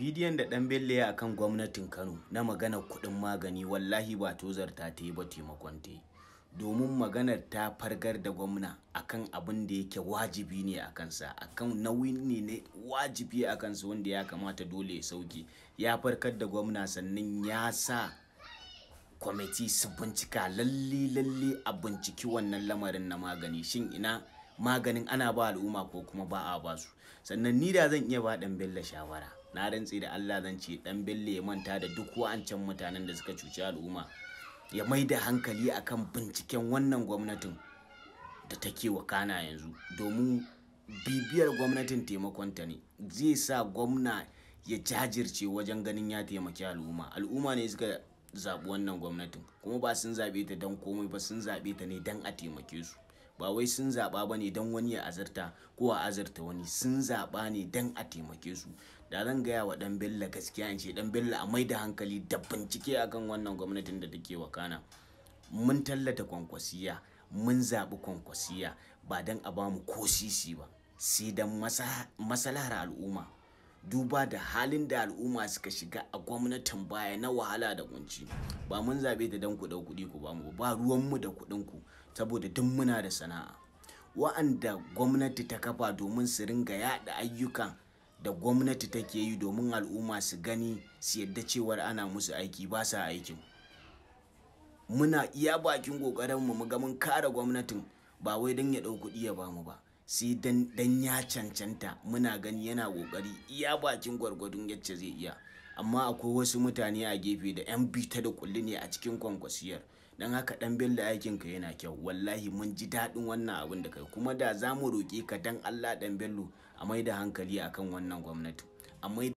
bidiyon da dan belle ya akan gwamnatin kano na maganar kudin magani wallahi ba zarta ta yi ba taimakon ta domin maganar ta fargar da gwamna akan abin da yake wajibi ne a kansa akan nauyi ne ne wajibi a kansa wanda ya kamata dole ya sauke ya farkar da gwamna sannan ya sa kwamiti su bincika lalle lalle a binciki wannan lamarin na magani shin ina maganin ana ba al'umma ko kuma ba a ba su sannan ni da zan iya ba dan bella shawara na rantsi da Allah zan ce dan bille ya manta da duk wa'ancan mutanen da suka cuci al'umma ya mai da hankali akan binciken wannan gwamnatin da take wakana yanzu domin bibiyar gwamnatin taimakonta ne zai sa gwamna ya jajirce wajen ganin ya taimaki al'umma al'umma ne suka zaɓi wannan gwamnatin kuma ba sun zaɓe ta don komai ba sun zaɓe ta ne don a taimake su ba wai sun zaɓa ba ne don wani ya azarta ko a azarta wani sun zaɓa ne don a taimake su da zan gaya wa dan bello gaskiya in ce dan bello a mai da hankali da bincike akan wannan gwamnatin da take wakana mun tallata kwankwasiya mun zaɓi kwankwasiya ba don a bamu ko sisi ba sai don masalahar al'umma duba da halin da al'umma suka shiga a gwamnatin baya na wahala da kunci ba mun zabe da dan kuɗin kuɗi ku ba mu ba ruwan mu da kuɗin ku saboda duk muna da sana'a wa'anda gwamnati ta kafa domin su ringa yaɗa ayyukan da gwamnati take yi domin al'umma su gani su yadda cewar ana musu aiki ba sa aikin muna iya bakin ƙoƙarinmu mu ga mun kare gwamnatin ba wai dan ya ɗau kuɗi ya mu ba sai dan ya cancanta muna gani yana kokari iya bakin gwargwadon yacce zai iya amma akwai wasu mutane a gefe da yan bita da kulli ne a cikin kwankwasiyar don haka dan bello aikin ka yana kyau wallahi mun ji daɗin wannan abin da kai kuma da za mu roƙe ka dan allah dan bello a mai da hankali akan wannan gwamnati